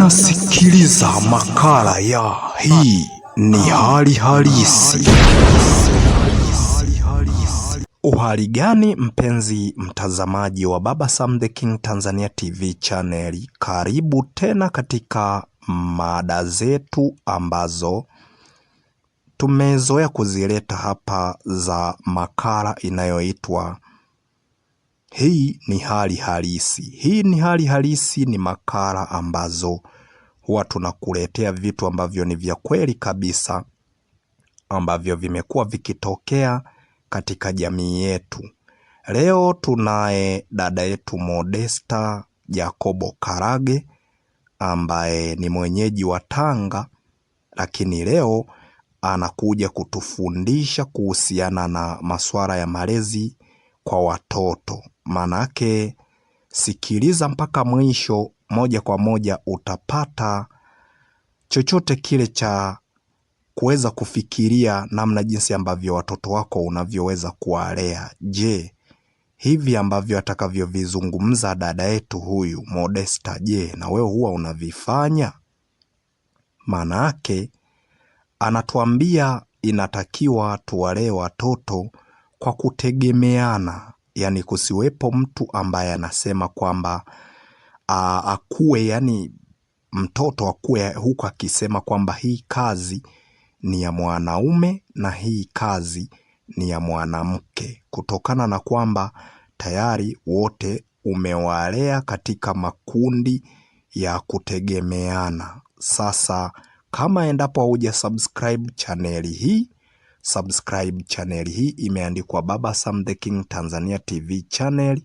Unasikiliza makala ya hii ni hali halisi. Uhali gani mpenzi mtazamaji wa Baba Sam the King Tanzania TV channel, karibu tena katika mada zetu ambazo tumezoea kuzileta hapa za makala inayoitwa hii ni hali halisi. Hii ni hali halisi ni makala ambazo huwa tunakuletea vitu ambavyo ni vya kweli kabisa ambavyo vimekuwa vikitokea katika jamii yetu. Leo tunaye dada yetu Modesta Jacobo Karage ambaye ni mwenyeji wa Tanga, lakini leo anakuja kutufundisha kuhusiana na masuala ya malezi kwa watoto. Manake sikiliza mpaka mwisho, moja kwa moja utapata chochote kile cha kuweza kufikiria namna jinsi ambavyo watoto wako unavyoweza kuwalea. Je, hivi ambavyo atakavyovizungumza dada yetu huyu Modesta, je, na wewe huwa unavifanya? Maanake anatuambia inatakiwa tuwalee watoto kwa kutegemeana, yani kusiwepo mtu ambaye anasema kwamba akuwe, yani mtoto akuwe huku akisema kwamba hii kazi ni ya mwanaume na hii kazi ni ya mwanamke, kutokana na kwamba tayari wote umewalea katika makundi ya kutegemeana. Sasa kama endapo hauja subscribe chaneli hii subscribe channel hii imeandikwa Baba Sam the King Tanzania TV channel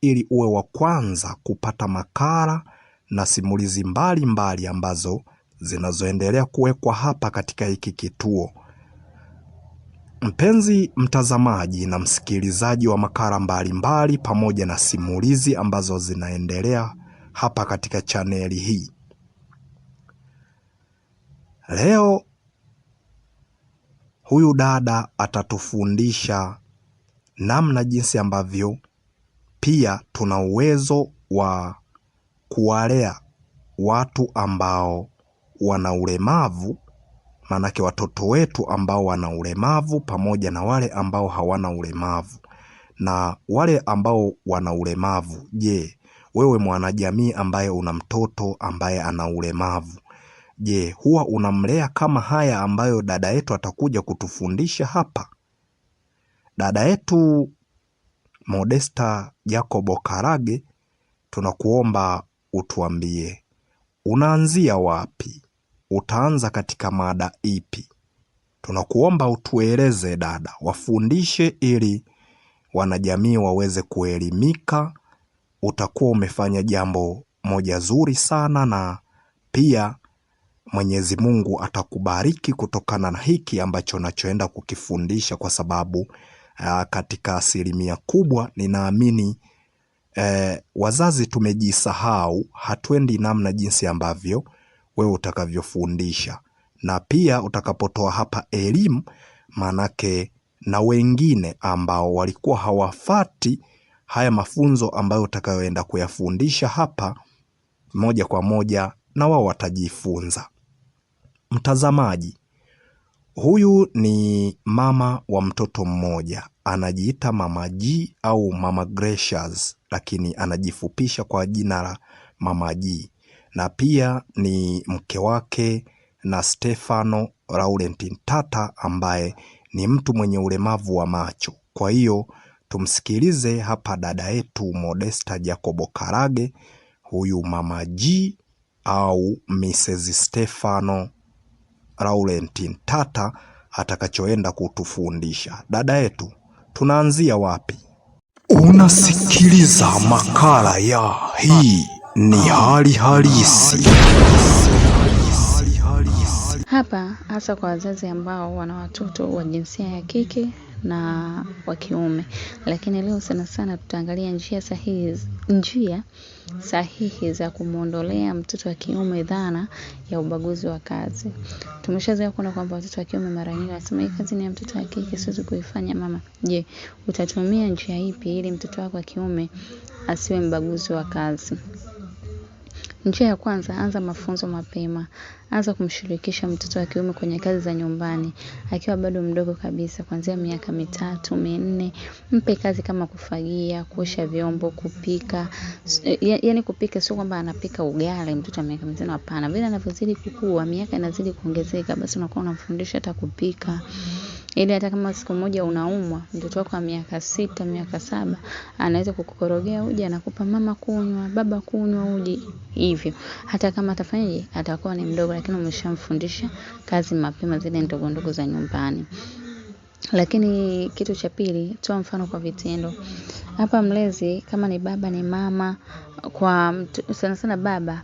ili uwe wa kwanza kupata makala na simulizi mbalimbali mbali ambazo zinazoendelea kuwekwa hapa katika hiki kituo. Mpenzi mtazamaji na msikilizaji wa makala mbalimbali mbali, pamoja na simulizi ambazo zinaendelea hapa katika chaneli hii. Leo huyu dada atatufundisha namna jinsi ambavyo pia tuna uwezo wa kuwalea watu ambao wana ulemavu, maanake watoto wetu ambao wana ulemavu pamoja na wale ambao hawana ulemavu. Na wale ambao wana ulemavu, je, wewe mwanajamii ambaye una mtoto ambaye ana ulemavu Je, huwa unamlea kama haya ambayo dada yetu atakuja kutufundisha hapa? Dada yetu Modesta Jacobo Karage, tunakuomba utuambie unaanzia wapi? Utaanza katika mada ipi? Tunakuomba utueleze dada, wafundishe ili wanajamii waweze kuelimika. Utakuwa umefanya jambo moja zuri sana na pia Mwenyezi Mungu atakubariki kutokana na hiki ambacho nachoenda kukifundisha kwa sababu uh, katika asilimia kubwa ninaamini eh, wazazi tumejisahau, hatuendi namna jinsi ambavyo wewe utakavyofundisha, na pia utakapotoa hapa elimu maanake na wengine ambao walikuwa hawafati haya mafunzo ambayo utakayoenda kuyafundisha hapa moja kwa moja, na wao watajifunza. Mtazamaji, huyu ni mama wa mtoto mmoja, anajiita Mama G au Mama Gracious, lakini anajifupisha kwa jina la Mama G, na pia ni mke wake na Stefano Laurent Tata ambaye ni mtu mwenye ulemavu wa macho. Kwa hiyo tumsikilize hapa dada yetu Modesta Jacobo Karage, huyu Mama G au Mrs Stefano Laurentine Tata atakachoenda kutufundisha. Dada yetu, tunaanzia wapi? Unasikiliza makala ya hii ni hali halisi. Hapa hasa kwa wazazi ambao wana watoto wa jinsia ya kike na wa kiume. Lakini leo sana sana tutaangalia njia sahihi, njia sahihi za kumwondolea mtoto wa kiume dhana ya ubaguzi wa kazi. Tumeshazoea kuona kwamba watoto wa kiume mara nyingi wanasema hii kazi ni ya mtoto wa kike, siwezi kuifanya mama. Je, utatumia njia ipi ili mtoto wako wa kiume asiwe mbaguzi wa kazi? Njia ya kwanza, anza mafunzo mapema. Anza kumshirikisha mtoto wa kiume kwenye kazi za nyumbani. Akiwa bado mdogo kabisa kuanzia miaka mitatu, minne, mpe kazi kama kufagia, kuosha vyombo, kupika. Yaani kupika sio kwamba anapika ugali mtoto wa miaka mitano hapana. Vile anavyozidi kukua, miaka inazidi kuongezeka, basi unakuwa unamfundisha hata kupika. Ili hata kama siku moja unaumwa, mtoto wako wa miaka sita, miaka saba, anaweza kukukorogea uji, anakupa mama kunywa, baba kunywa uji, hivyo. Hata kama atafanyaje, atakuwa ni mdogo lakini umeshamfundisha kazi mapema zile ndogo ndogo za nyumbani lakini kitu cha pili toa mfano kwa vitendo hapa mlezi kama ni baba ni mama kwa mtu, sana sana baba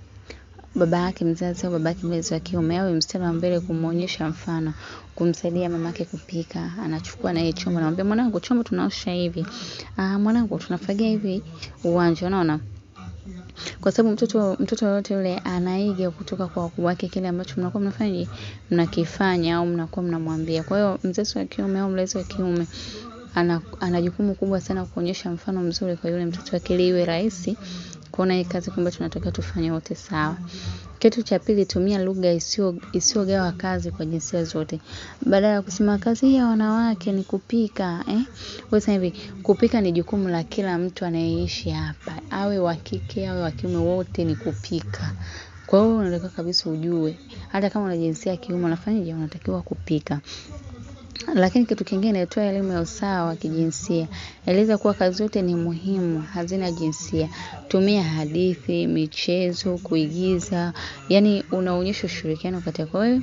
baba yake mzazi au baba yake mlezi wa kiume awe mstari wa mbele kumwonyesha mfano kumsaidia mamake kupika anachukua naye chombo anamwambia mwanangu chombo tunaosha hivi ah, mwanangu tunafagia hivi uwanja unaona kwa sababu mtoto mtoto yote yule anaiga kutoka kwa wakubwa wake kile ambacho mnakuwa mnafanya mnakifanya au mnakuwa mnamwambia. Kwa hiyo mzazi wa kiume au mlezi wa kiume ana, ana jukumu kubwa sana kuonyesha mfano mzuri kwa yule mtoto wake, ili iwe rahisi kuona hii kazi, kwamba tunatakiwa tufanye wote sawa. Kitu cha pili, tumia lugha isiyogawa kazi kwa jinsia zote. Badala ya kusema kazi ya wanawake ni kupika eh? Wewe hivi, kupika ni jukumu la kila mtu anayeishi hapa. Awe wa kike, awe wa kiume, wote ni kupika. Kwa hiyo unatakiwa kabisa ujue, hata kama una jinsia ya kiume unafanyaje, unatakiwa kupika. Lakini kitu kingine, itoa elimu ya usawa wa kijinsia. Eleza kuwa kazi zote ni muhimu, hazina jinsia. Tumia hadithi, michezo, kuigiza, yani unaonyesha ushirikiano kati yako wewe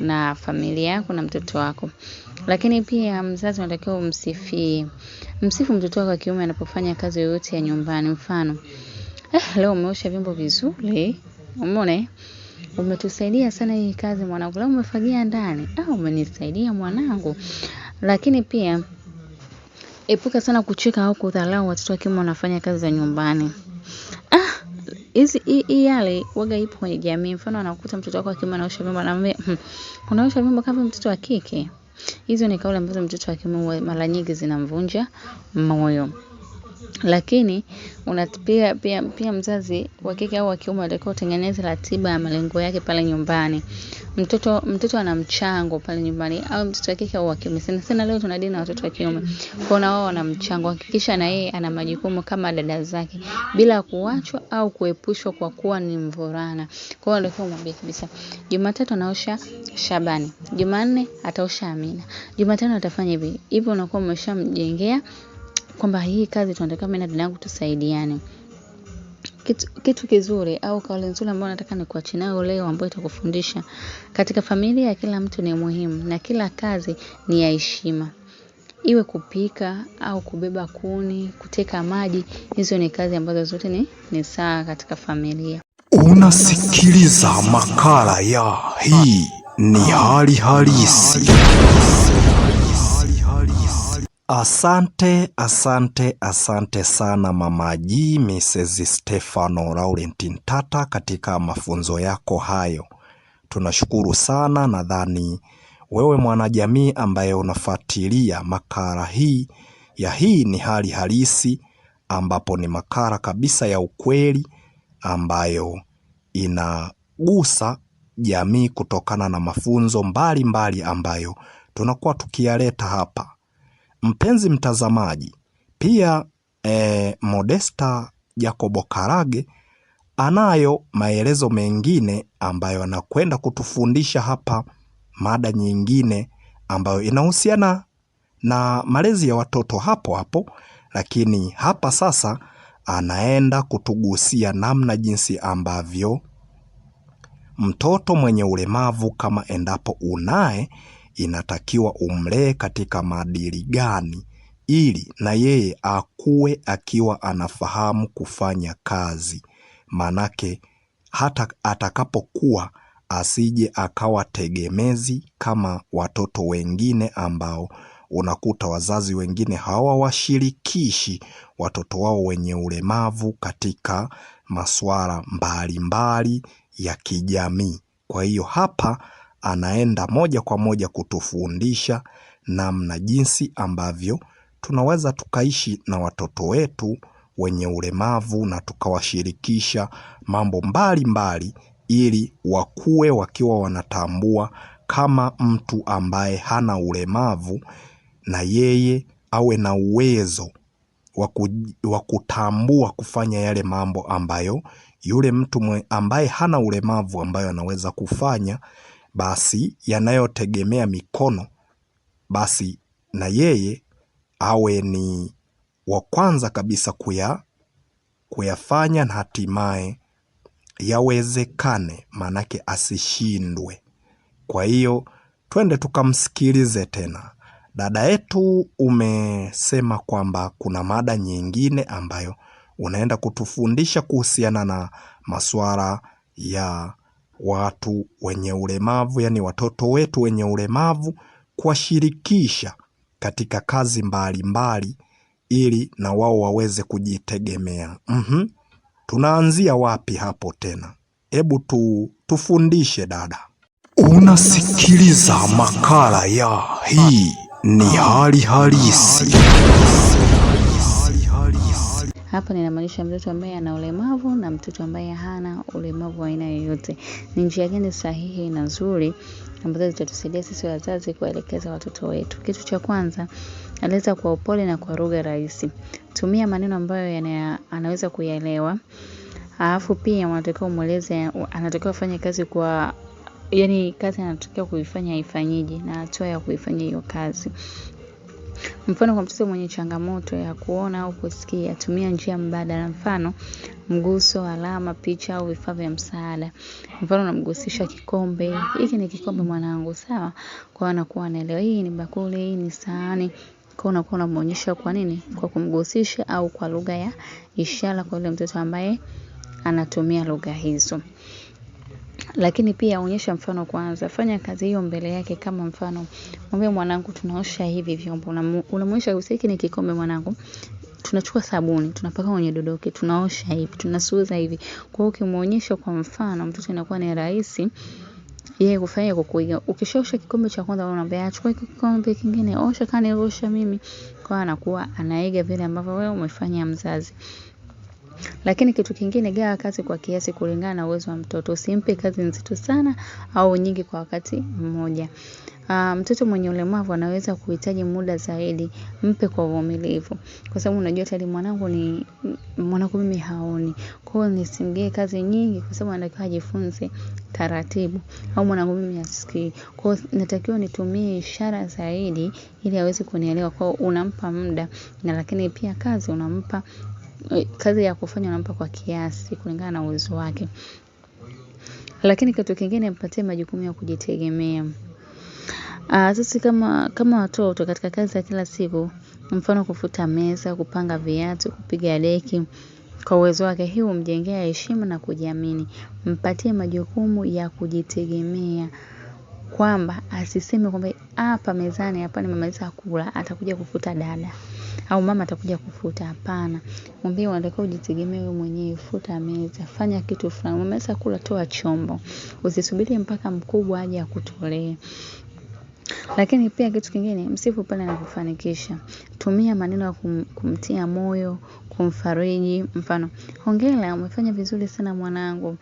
na familia yako na mtoto wako. Lakini pia mzazi unatakiwa umsifie. Msifu mtoto wako wa kiume anapofanya kazi yoyote ya nyumbani mfano. Eh, leo umeosha vyombo vizuri. Umeona eh? umetusaidia sana hii kazi mwanangu, leo umefagia ndani ah, umenisaidia mwanangu. Lakini pia epuka sana kucheka au kudharau watoto wakiwa wanafanya kazi za nyumbani. Ah, hizi hii yale waga ipo kwenye jamii. Mfano anakuta mtoto wako akiwa anaosha vyombo, anaambia hmm, unaosha vyombo kama mtoto wa kike. Hizo ni kauli ambazo mtoto wa kiume mara nyingi zinamvunja moyo. Lakini unatipia pia, pia mzazi wa kike au wa kiume anatakiwa utengeneze ratiba ya malengo yake pale nyumbani. Mtoto mtoto ana mchango pale nyumbani au mtoto wa kike au wa kiume. Sana sana leo tunadili na watoto wa kiume. Kwa na wao wana mchango. Hakikisha na yeye ana majukumu kama dada zake bila kuachwa au kuepushwa kwa kuwa ni mvulana. Kwa hiyo ndio mwambie kabisa. Jumatatu anaosha Shabani. Jumanne ataosha Amina. Jumatano atafanya hivi. Hivyo unakuwa umeshamjengea kwamba hii kazi tunataka mimi na dada yangu tusaidiane kitu, kitu kizuri au kauli nzuri ambayo nataka kuachi nayo leo ambayo itakufundisha katika familia ya kila mtu ni muhimu na kila kazi ni ya heshima iwe kupika au kubeba kuni kuteka maji hizo ni kazi ambazo zote ni, ni sawa katika familia unasikiliza makala ya hii ni hali halisi Asante, asante, asante sana mama G, Mrs. Stefano Laurent Tata katika mafunzo yako hayo. Tunashukuru sana, nadhani wewe mwanajamii ambaye unafuatilia makala hii ya hii ni hali halisi, ambapo ni makala kabisa ya ukweli ambayo inagusa jamii kutokana na mafunzo mbalimbali mbali ambayo tunakuwa tukiyaleta hapa. Mpenzi mtazamaji, pia e, Modesta Jacobo Karage anayo maelezo mengine ambayo anakwenda kutufundisha hapa, mada nyingine ambayo inahusiana na malezi ya watoto hapo hapo, lakini hapa sasa anaenda kutugusia namna jinsi ambavyo mtoto mwenye ulemavu kama endapo unaye inatakiwa umlee katika maadili gani ili na yeye akuwe akiwa anafahamu kufanya kazi. Manake hata atakapokuwa asije akawa tegemezi kama watoto wengine ambao unakuta wazazi wengine hawawashirikishi watoto wao wenye ulemavu katika masuala mbalimbali ya kijamii. Kwa hiyo hapa anaenda moja kwa moja kutufundisha namna jinsi ambavyo tunaweza tukaishi na watoto wetu wenye ulemavu na tukawashirikisha mambo mbali mbali ili wakue wakiwa wanatambua kama mtu ambaye hana ulemavu na yeye awe na uwezo wa kutambua kufanya yale mambo ambayo yule mtu ambaye hana ulemavu ambayo anaweza kufanya basi yanayotegemea mikono, basi na yeye awe ni wa kwanza kabisa kuya, kuyafanya na hatimaye yawezekane, maanake asishindwe. Kwa hiyo twende tukamsikilize tena dada yetu. Umesema kwamba kuna mada nyingine ambayo unaenda kutufundisha kuhusiana na masuala ya watu wenye ulemavu, yani watoto wetu wenye ulemavu, kuwashirikisha katika kazi mbalimbali ili na wao waweze kujitegemea. mm -hmm. Tunaanzia wapi hapo tena? Hebu tu, tufundishe dada. Unasikiliza makala ya hii ni hali halisi. Hapa ninamaanisha mtoto ambaye ana ulemavu na mtoto ambaye hana ulemavu wa aina yoyote. Ni njia gani sahihi na nzuri ambazo zitatusaidia sisi wazazi kuwaelekeza watoto wetu? Kitu cha kwanza, eleza kwa upole na kwa lugha rahisi. Tumia maneno ambayo anaweza kuyaelewa. Alafu pia unatakiwa umweleze anatakiwa afanye kazi kwa yaani kazi anatakiwa kuifanya aifanyije na hatua ya kuifanya hiyo kazi. Mfano kwa mtoto mwenye changamoto ya kuona au kusikia, tumia njia mbadala mfano, mguso, alama, picha au vifaa vya msaada. Mfano unamgusisha kikombe, hiki ni kikombe mwanangu sawa, kwa anakuwa anaelewa hii ni bakuli, hii ni sahani, kwa unakuwa unamuonyesha kwa nini? Kwa kumgusisha au kwa lugha ya ishara kwa yule mtoto ambaye anatumia lugha hizo. Lakini pia onyesha mfano kwanza, fanya kazi hiyo mbele yake kama mfano. Mwambie mwanangu tunaosha hivi vyombo. Unamuonyesha kabisa hiki ni kikombe mwanangu. Tunachukua sabuni, tunapaka kwenye dodoke, tunaosha hivi, tunasuza hivi. Kwa hiyo ukimuonyesha kwa mfano, mtoto inakuwa ni rahisi yeye kufanya kwa kuiga. Ukishaosha kikombe cha kwanza wewe unamwambia achukue kikombe kingine, osha kama osha mimi. Kwa anakuwa anaiga vile ambavyo wewe umefanya mzazi. Lakini kitu kingine, gawa kazi kwa kiasi kulingana na uwezo wa mtoto. Usimpe kazi nzito sana au nyingi kwa wakati mmoja. Uh, mtoto mwenye ulemavu anaweza kuhitaji muda zaidi, mpe kwa uvumilivu. Kwa sababu unajua tayari mwanangu ni mwanangu mimi haoni. Kwa hiyo nisimgee kazi nyingi kwa sababu anatakiwa ajifunze taratibu. Au mwanangu mimi asikii, Kwa hiyo natakiwa nitumie ishara zaidi ili aweze kunielewa kwa hiyo unampa muda na lakini pia kazi unampa kazi ya kufanya unampa kwa kiasi kulingana na uwezo wake lakini kitu kingine mpatie majukumu ya kujitegemea Aa, ah, sisi kama kama watoto katika kazi za kila siku mfano kufuta meza kupanga viatu kupiga deki kwa uwezo wake hii humjengea heshima na kujiamini mpatie majukumu ya kujitegemea kwamba asiseme kwamba hapa mezani hapa nimemaliza kula, atakuja kufuta dada au mama atakuja kufuta. Hapana, mwambie unataka ujitegemee wewe mwenyewe. Futa meza, fanya kitu fulani. Umemaliza kula, toa chombo, usisubiri mpaka mkubwa aje akutolee. Lakini pia kitu kingine, msifu pale anapofanikisha. Tumia maneno ya kum, kumtia moyo, kumfariji. Mfano, hongera, umefanya vizuri sana mwanangu.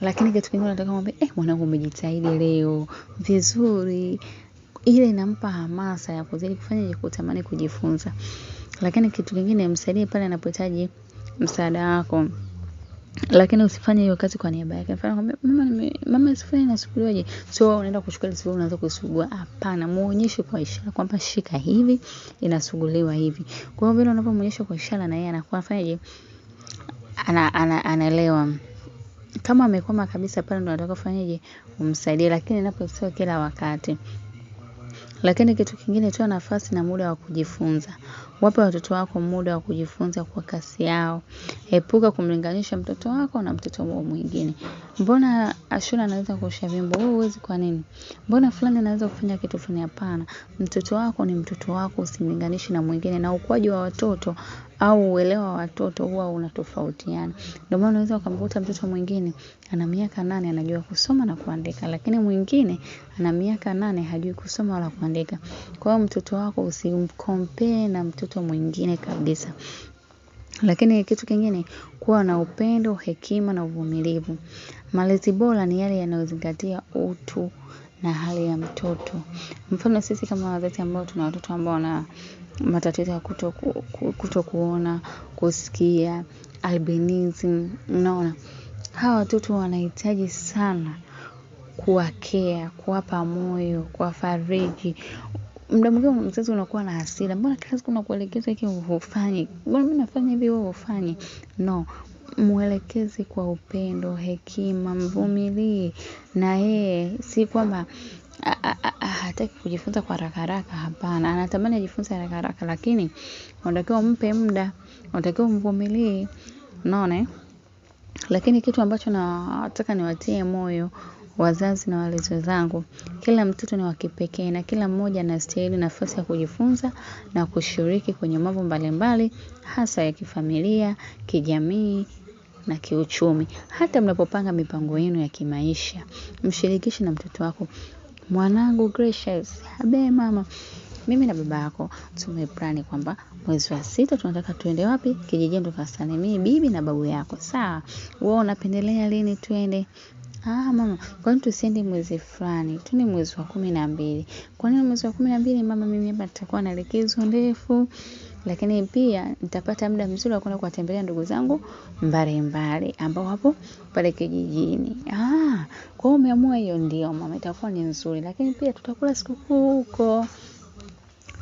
Lakini kitu kingine nataka kumwambia, eh, mwanangu umejitahidi leo vizuri. Ile inampa hamasa ya kuzidi kufanya kutamani kujifunza. Lakini kitu kingine msaidie pale anapohitaji msaada wako. Lakini usifanye hiyo kazi kwa niaba yake. Mfano kwamba mama nime mama sifanye nasuguliwaje? Sio wewe unaenda kuchukua ile unaanza kusugua? Hapana, muonyeshe kwa ishara kwamba shika hivi inasuguliwa hivi. Kwa hiyo vile unapomuonyesha kwa ishara na yeye anakuwa afanyaje? Ana, ana, anaelewa kama amekwama kabisa pale ndo unataka kufanyaje umsaidie lakini napo sio kila wakati lakini kitu kingine toa nafasi na muda wa kujifunza wape watoto wako muda wa kujifunza kwa kasi yao epuka kumlinganisha mtoto wako na mtoto mwingine mbona ashura anaweza kuosha vyombo wewe huwezi kwa nini mbona fulani anaweza kufanya kitu fulani hapana mtoto wako ni mtoto wako usimlinganishe na mwingine na ukuaji wa watoto au uelewa wa watoto huwa unatofautiana. Ndio maana unaweza ukamkuta mtoto mwingine ana miaka nane anajua kusoma na kuandika, lakini mwingine ana miaka nane hajui kusoma wala kuandika. Kwa hiyo mtoto wako usimkompee na mtoto mwingine kabisa. Lakini kitu kingine, kuwa na upendo, hekima na uvumilivu. Malezi bora ni yale yanayozingatia utu na hali ya mtoto. Mfano sisi kama wazazi ambao tuna watoto ambao wana matatizo ya kuto, kuto kuona, kusikia, albinism, unaona. Hawa watoto wanahitaji sana kuwakea, kuwapa moyo, kuwafariji. mda mwingine mzazi unakuwa na hasira, mbona kila siku nakuelekeza hiki ufanye, mbona mimi nafanya hivi wewe hufanye? No, mwelekezi kwa upendo, hekima, mvumilie na yeye, si kwamba hataki kujifunza kwa haraka haraka. Hapana, anatamani ajifunze haraka haraka, lakini unatakiwa mpe muda, unatakiwa mvumilie, unaona eh? Lakini kitu ambacho nataka niwatie moyo wazazi na walezi wenzangu, kila mtoto ni wa kipekee na kila mmoja anastahili nafasi ya kujifunza na kushiriki kwenye mambo mbalimbali hasa ya kifamilia, kijamii na kiuchumi. Hata mnapopanga mipango yenu ya kimaisha, mshirikishe na mtoto wako. Mwanangu Gracious, habe mama, mimi na baba yako tumeplani kwamba mwezi wa sita tunataka tuende wapi? Kijijini tukasalimie bibi na babu yako. Sawa, wewe unapendelea lini tuende? Ah mama, kwa nini tusiende mwezi fulani? Tuende mwezi wa kumi na mbili. Kwa nini mwezi wa kumi na mbili mama mimi hapa nitakuwa na likizo ndefu, lakini pia nitapata muda mzuri wa kwenda kuwatembelea ndugu zangu mbalimbali ambao wapo pale kijijini. Ah, kwa hiyo umeamua hiyo ndio mama itakuwa ni nzuri, lakini pia tutakula sikukuu huko.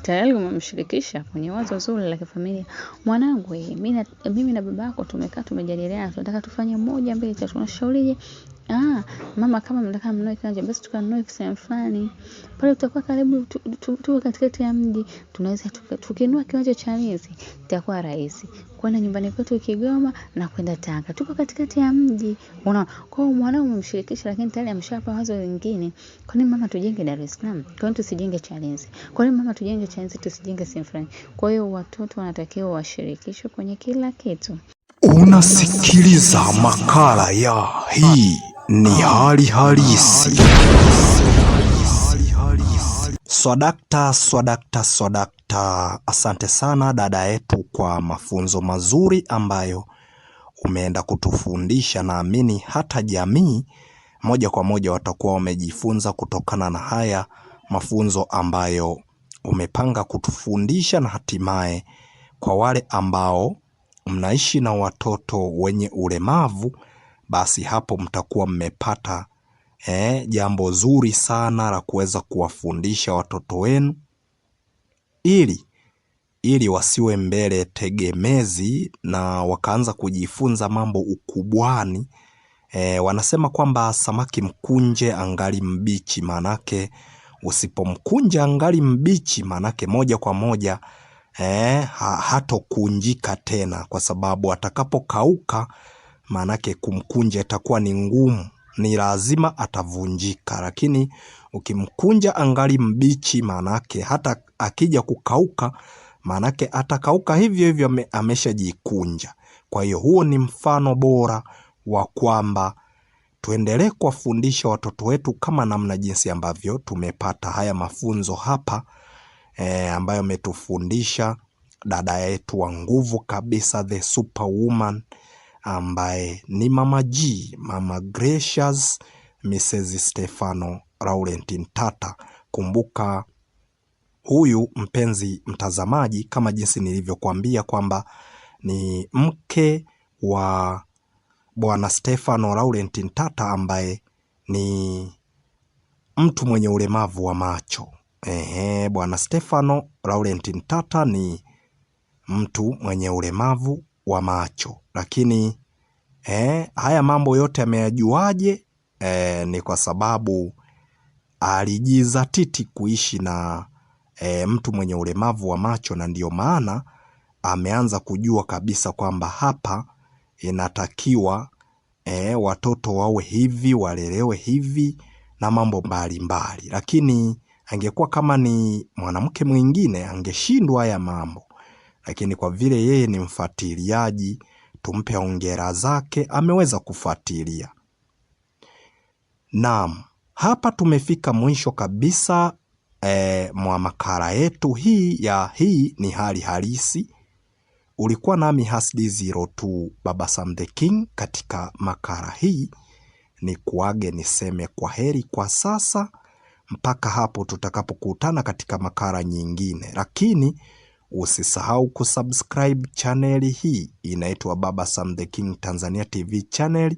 Tayari umemshirikisha kwenye wazo zuri la kifamilia. Mwanangu, eh, mimi na mimi na babako tumekaa tumejadiliana tunataka tufanye moja mbili tatu. unashauriaje? ah, mama kama mnataka mnunue kiwanja basi tukanunue sehemu fulani pale, tutakuwa karibu tu, tu, tu katikati ya mji, tunaweza tukinua kiwanja cha Chalinze itakuwa rahisi kwenda nyumbani kwetu Kigoma na kwenda Tanga, tuko katikati ya mji. Unaona, kwa hiyo mwanao umemshirikisha, lakini tayari ameshapa wazo lingine. Kwa nini mama, tujenge Dar es Salaam? Kwa nini tusijenge Chalinze? Kwa nini mama, tujenge Chalinze, tusijenge sehemu fulani? Kwa hiyo watoto wanatakiwa washirikishwe kwenye kila kitu. Unasikiliza makala ya hii ni hali halisi. Swadakta, swadakta, swadakta, asante sana dada yetu kwa mafunzo mazuri ambayo umeenda kutufundisha. Naamini hata jamii moja kwa moja watakuwa wamejifunza kutokana na haya mafunzo ambayo umepanga kutufundisha, na hatimaye kwa wale ambao mnaishi na watoto wenye ulemavu basi hapo mtakuwa mmepata eh, jambo zuri sana la kuweza kuwafundisha watoto wenu ili ili wasiwe mbele tegemezi na wakaanza kujifunza mambo ukubwani. E, wanasema kwamba samaki mkunje angali mbichi, manake usipomkunja angali mbichi, manake moja kwa moja e, hatokunjika tena, kwa sababu atakapokauka Maanake kumkunja itakuwa ni ngumu, ni lazima atavunjika, lakini ukimkunja angali mbichi, maanake hata akija kukauka, maanake atakauka hivyo hivyo, ameshajikunja. Kwa hiyo huo ni mfano bora wa kwamba tuendelee kuwafundisha watoto wetu kama namna jinsi ambavyo tumepata haya mafunzo hapa e, ambayo ametufundisha dada yetu wa nguvu kabisa, the superwoman ambaye ni Mama G, Mama Gracious, Mrs. Stefano Laurentin Tata. Kumbuka huyu mpenzi mtazamaji, kama jinsi nilivyokuambia kwamba ni mke wa Bwana Stefano Laurentin Tata ambaye ni mtu mwenye ulemavu wa macho. Ehe, Bwana Stefano Laurentin Tata ni mtu mwenye ulemavu wa macho. Lakini eh, haya mambo yote ameyajuaje? Eh, ni kwa sababu alijizatiti kuishi na eh, mtu mwenye ulemavu wa macho, na ndiyo maana ameanza kujua kabisa kwamba hapa inatakiwa eh, watoto wawe hivi, walelewe hivi na mambo mbalimbali. Lakini angekuwa kama ni mwanamke mwingine angeshindwa haya mambo lakini kwa vile yeye ni mfuatiliaji, tumpe hongera zake, ameweza kufuatilia. Naam, hapa tumefika mwisho kabisa e, mwa makala yetu hii ya hii ni hali halisi. Ulikuwa nami Hasdi 02 Baba Sam the King katika makala hii. Ni kuage niseme kwa heri kwa sasa, mpaka hapo tutakapokutana katika makala nyingine, lakini Usisahau kusubscribe chaneli hii inaitwa Baba Sam The King Tanzania TV channel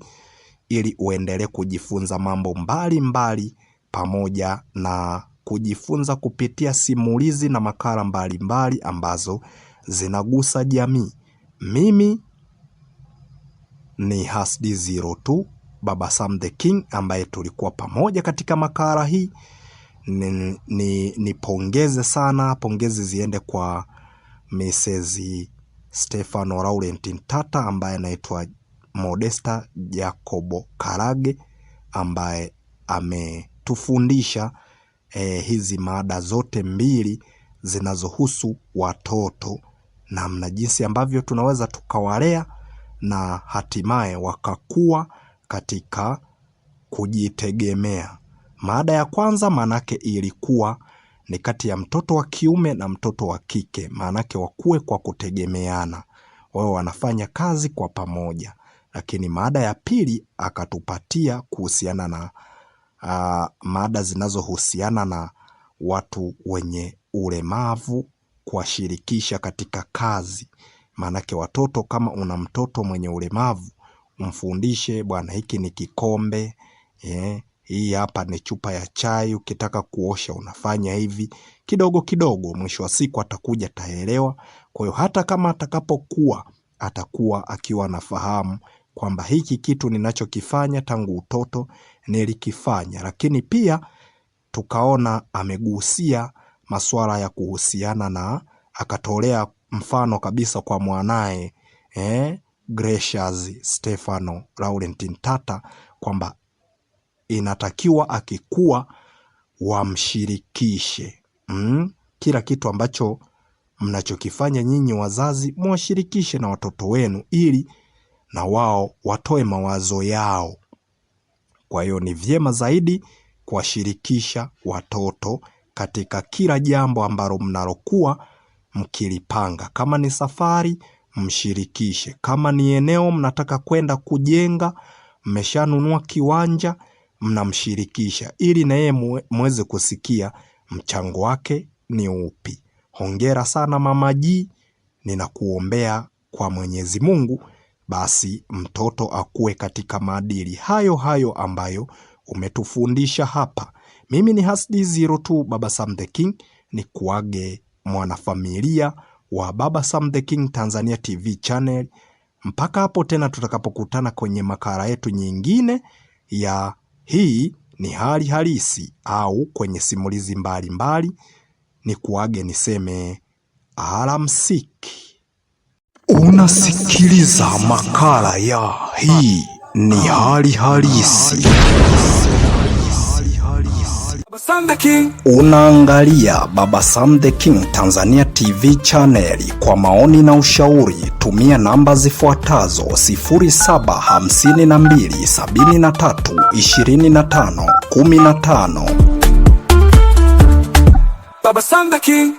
ili uendelee kujifunza mambo mbalimbali mbali, pamoja na kujifunza kupitia simulizi na makala mbalimbali mbali ambazo zinagusa jamii. Mimi ni Hasdi Zero tu Baba Sam The King ambaye tulikuwa pamoja katika makala hii. Nipongeze ni, ni sana, pongezi ziende kwa Mrs. Stefano Laurent Ntata ambaye anaitwa Modesta Jacobo Karage ambaye ametufundisha e, hizi mada zote mbili zinazohusu watoto, namna jinsi ambavyo tunaweza tukawalea na hatimaye wakakua katika kujitegemea. Mada ya kwanza maanake ilikuwa ni kati ya mtoto wa kiume na mtoto wa kike, maanake wakuwe kwa kutegemeana, wao wanafanya kazi kwa pamoja. Lakini maada ya pili akatupatia kuhusiana na uh, mada zinazohusiana na watu wenye ulemavu kuwashirikisha katika kazi. Maanake watoto, kama una mtoto mwenye ulemavu, umfundishe bwana, hiki ni kikombe eh, hii hapa ni chupa ya chai, ukitaka kuosha unafanya hivi kidogo kidogo, mwisho wa siku atakuja taelewa. Kwa hiyo hata kama atakapokuwa, atakuwa akiwa anafahamu kwamba hiki kitu ninachokifanya tangu utoto nilikifanya, lakini pia tukaona amegusia masuala ya kuhusiana na akatolea mfano kabisa kwa mwanaye eh, Gracious Stefano Laurentin Tata kwamba inatakiwa akikuwa wamshirikishe mm? Kila kitu ambacho mnachokifanya nyinyi wazazi mwashirikishe na watoto wenu ili na wao watoe mawazo yao. Kwa hiyo ni vyema zaidi kuwashirikisha watoto katika kila jambo ambalo mnalokuwa mkilipanga. Kama ni safari, mshirikishe. Kama ni eneo mnataka kwenda kujenga, mmeshanunua kiwanja, mnamshirikisha ili na yeye muweze kusikia mchango wake ni upi. Hongera sana Mama G, ninakuombea kwa Mwenyezi Mungu basi mtoto akue katika maadili hayo hayo ambayo umetufundisha hapa. Mimi ni Hasdi Zero tu, Baba Sam the King, ni kuage mwanafamilia wa Baba Sam the King Tanzania TV channel. Mpaka hapo tena tutakapokutana kwenye makala yetu nyingine ya hii ni hali halisi au kwenye simulizi mbalimbali mbali, ni kuage niseme alamsiki. Unasikiliza makala ya hii ni hali halisi. Unaangalia Baba Sam the King Tanzania TV chaneli. Kwa maoni na ushauri tumia namba zifuatazo 0752732515. Baba Sam the King.